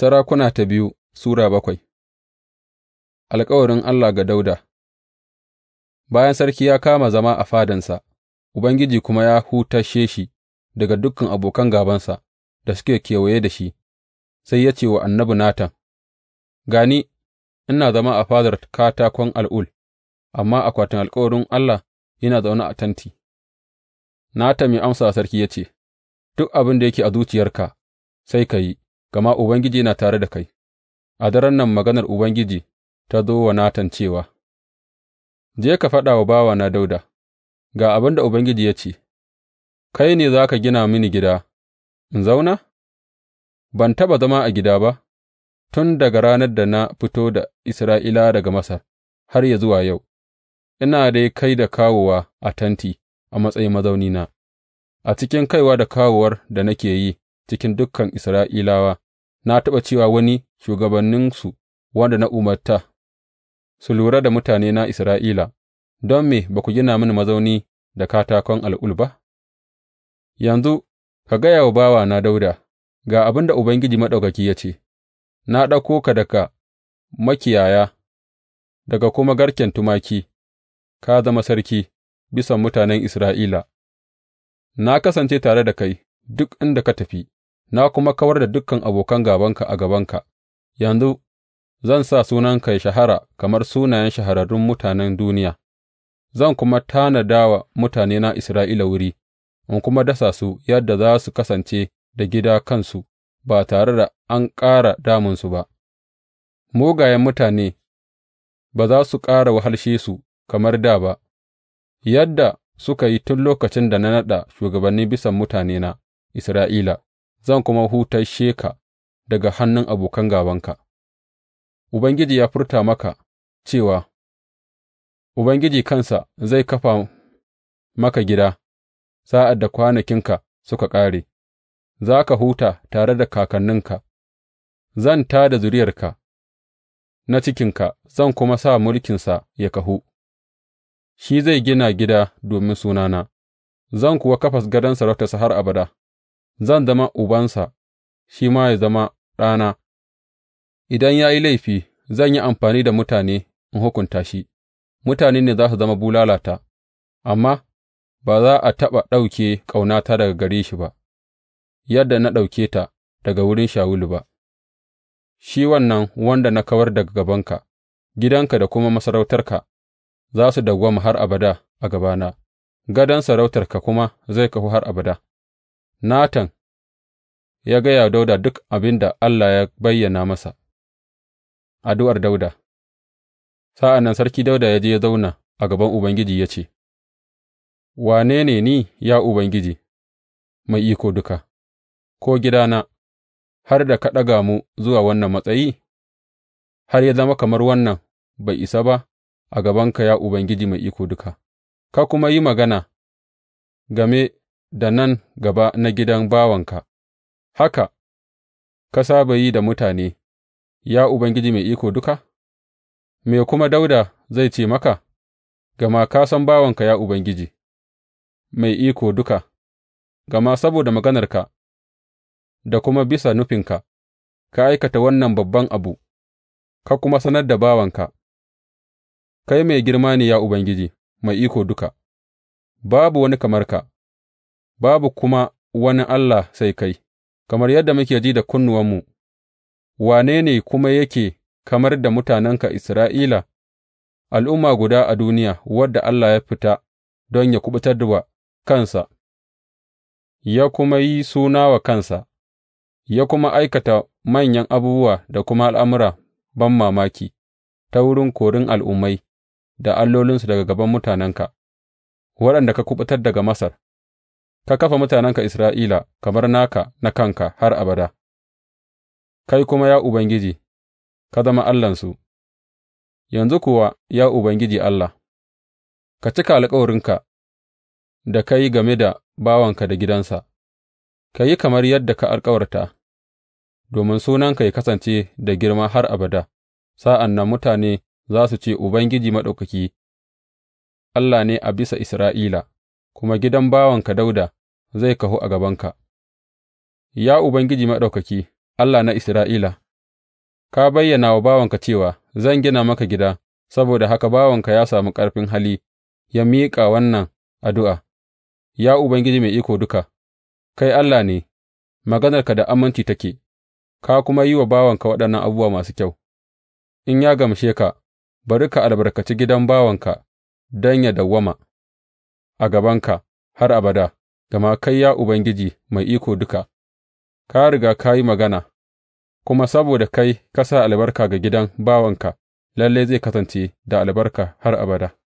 Sarakuna ta biyu Sura bakwai Alkawarin Allah ga Dauda Bayan sarki ya kama zama a fadansa, Ubangiji kuma ya hutashe shi daga dukan abokan gabansa da suke kewaye da shi, sai ya ce wa annabi Natan, Gani ina zama a fadar katakon al'ul, amma akwatin alkawarin Allah yana zaune a tanti Natan ya amsa sarki ya ce, Duk abin da yake a zuciyarka, sai ka yi. gama Ubangiji yana tare da kai, a daren nan maganar Ubangiji ta zo wa Natan cewa, Je ka faɗa wa bawana Dauda. Ga abin da Ubangiji ya ce, Kai ne za ka gina mini gida, in zauna? Ban taɓa zama a gida ba, tun daga ranar da na fito da Isra'ila daga Masar har ya zuwa yau, ina dai kai da kawowa a tanti a matsayin mazaunina, a cikin kaiwa da kawowar da nake yi cikin dukan Isra'ilawa, na taɓa cewa wani shugabanninsu wanda na umarta su lura da mutane na Isra'ila, don me ba ku gina mini mazauni da katakon al'ul ba? Yanzu ka gaya wa bawa na Dauda, Ga abin da Ubangiji Maɗaukaki ya ce, Na ɗauko ka daga makiyaya, daga kuma garken tumaki, ka zama sarki bisan mutanen Isra'ila, na kasance tare da kai duk inda ka tafi. na kuma kawar da dukan abokan gābanka a gabanka, yanzu zan sa sunanka ya shahara kamar sunayen shahararrun mutanen duniya, zan kuma tanada wa mutanena Isra'ila wuri, in kuma dasa su yadda za su kasance da gida kansu ba tare da an ƙara damunsu ba, mugayen mutane ba za su ƙara wahalshe su kamar da ba, yadda suka yi tun lokacin da na naɗa shugabanni bisan mutanena Isra'ila. zan kuma hutashe ka daga hannun abokan gābanka, Ubangiji ya furta maka cewa, Ubangiji kansa zai kafa maka gida sa'ad da kwanakinka suka ƙare, za ka huta tare da kakanninka, zan tā da zuriyarka na cikinka, zan kuma sa mulkinsa ya kahu, shi zai gina gida domin sunana, zan kuwa kafa gadon sarautarsa har abada. zan zama ubansa, shi ma ya zama ɗana, idan ya yi laifi, zan yi amfani da mutane in hukunta shi, mutane ne za su zama bulalata, amma ba za a taɓa ɗauke ƙaunata daga gare shi ba, yadda na ɗauke ta daga wurin Shawulu ba, shi wannan wanda na kawar daga gabanka, gidanka da kuma masarautarka za su dawwama har abada a gabana, gadon sarautarka kuma zai kahu har abada. Natan ya gaya wa Dawuda duk abin da Allah ya bayyana masa, addu'ar Dawuda Sa'an nan Sarki Dawuda ya je ya zauna a gaban Ubangiji ya ce, Wane ne ni, ya Ubangiji, mai iko duka, ko gidana, har da ka ɗaga mu zuwa wannan matsayi, har ya zama kamar wannan bai isa ba a gabanka, ya Ubangiji mai iko duka, ka kuma yi magana game da nan gaba na gidan bawanka, haka ka saba yi da mutane, ya Ubangiji Mai Iko Duka? Me kuma Dauda zai ce maka, gama ka san bawanka, ya Ubangiji, Mai Iko Duka, gama saboda maganarka da kuma bisa nufinka, ka aikata wannan babban abu, ka kuma sanar da bawanka, kai mai girma ne, ya Ubangiji Mai Iko Duka, babu wani kamar ka. babu kuma wani Allah sai kai, kamar yadda muke ji da kunnuwanmu, wane ne kuma yake kamar da mutanenka Isra'ila, al'umma guda a duniya wadda Allah ya fita don ya kuɓutar da kansa, ya kuma yi suna wa kansa, ya kuma aikata manyan abubuwa da kuma al'amura ban mamaki ta wurin korin al'ummai da allolinsu daga gaban mutanenka, waɗanda ka kuɓutar daga Masar. ka kafa mutanenka Isra'ila kamar naka na kanka har abada, kai kuma, ya Ubangiji, ka zama Allahnsu, yanzu kuwa, ya Ubangiji Allah, ka cika alkawarinka da ka yi game da bawanka da gidansa, ka yi kamar yadda ka alkawarta, domin sunanka ya kasance da girma har abada, sa'an nan mutane za su ce, Ubangiji Maɗaukaki, Allah ne a bisa Isra'ila. kuma gidan bawanka Dawuda zai kahu a gabanka, Ya Ubangiji Maɗaukaki, Allah na Isra'ila, ka bayyana wa bawanka cewa zan gina maka gida, saboda haka bawanka ya sami ƙarfin hali ya miƙa wannan addu'a, Ya Ubangiji Mai Iko Duka, kai Allah ne, maganarka da aminci take, ka kuma yi wa bawanka waɗannan abubuwa masu kyau, in ya gamshe ka, bari ka albarkaci gidan bawanka don ya dawwama. a gabanka har abada, gama kai, ya Ubangiji Mai Iko Duka, ka riga ka yi magana, kuma saboda kai ka sa albarka ga gidan bawanka, lalle zai kasance da albarka har abada.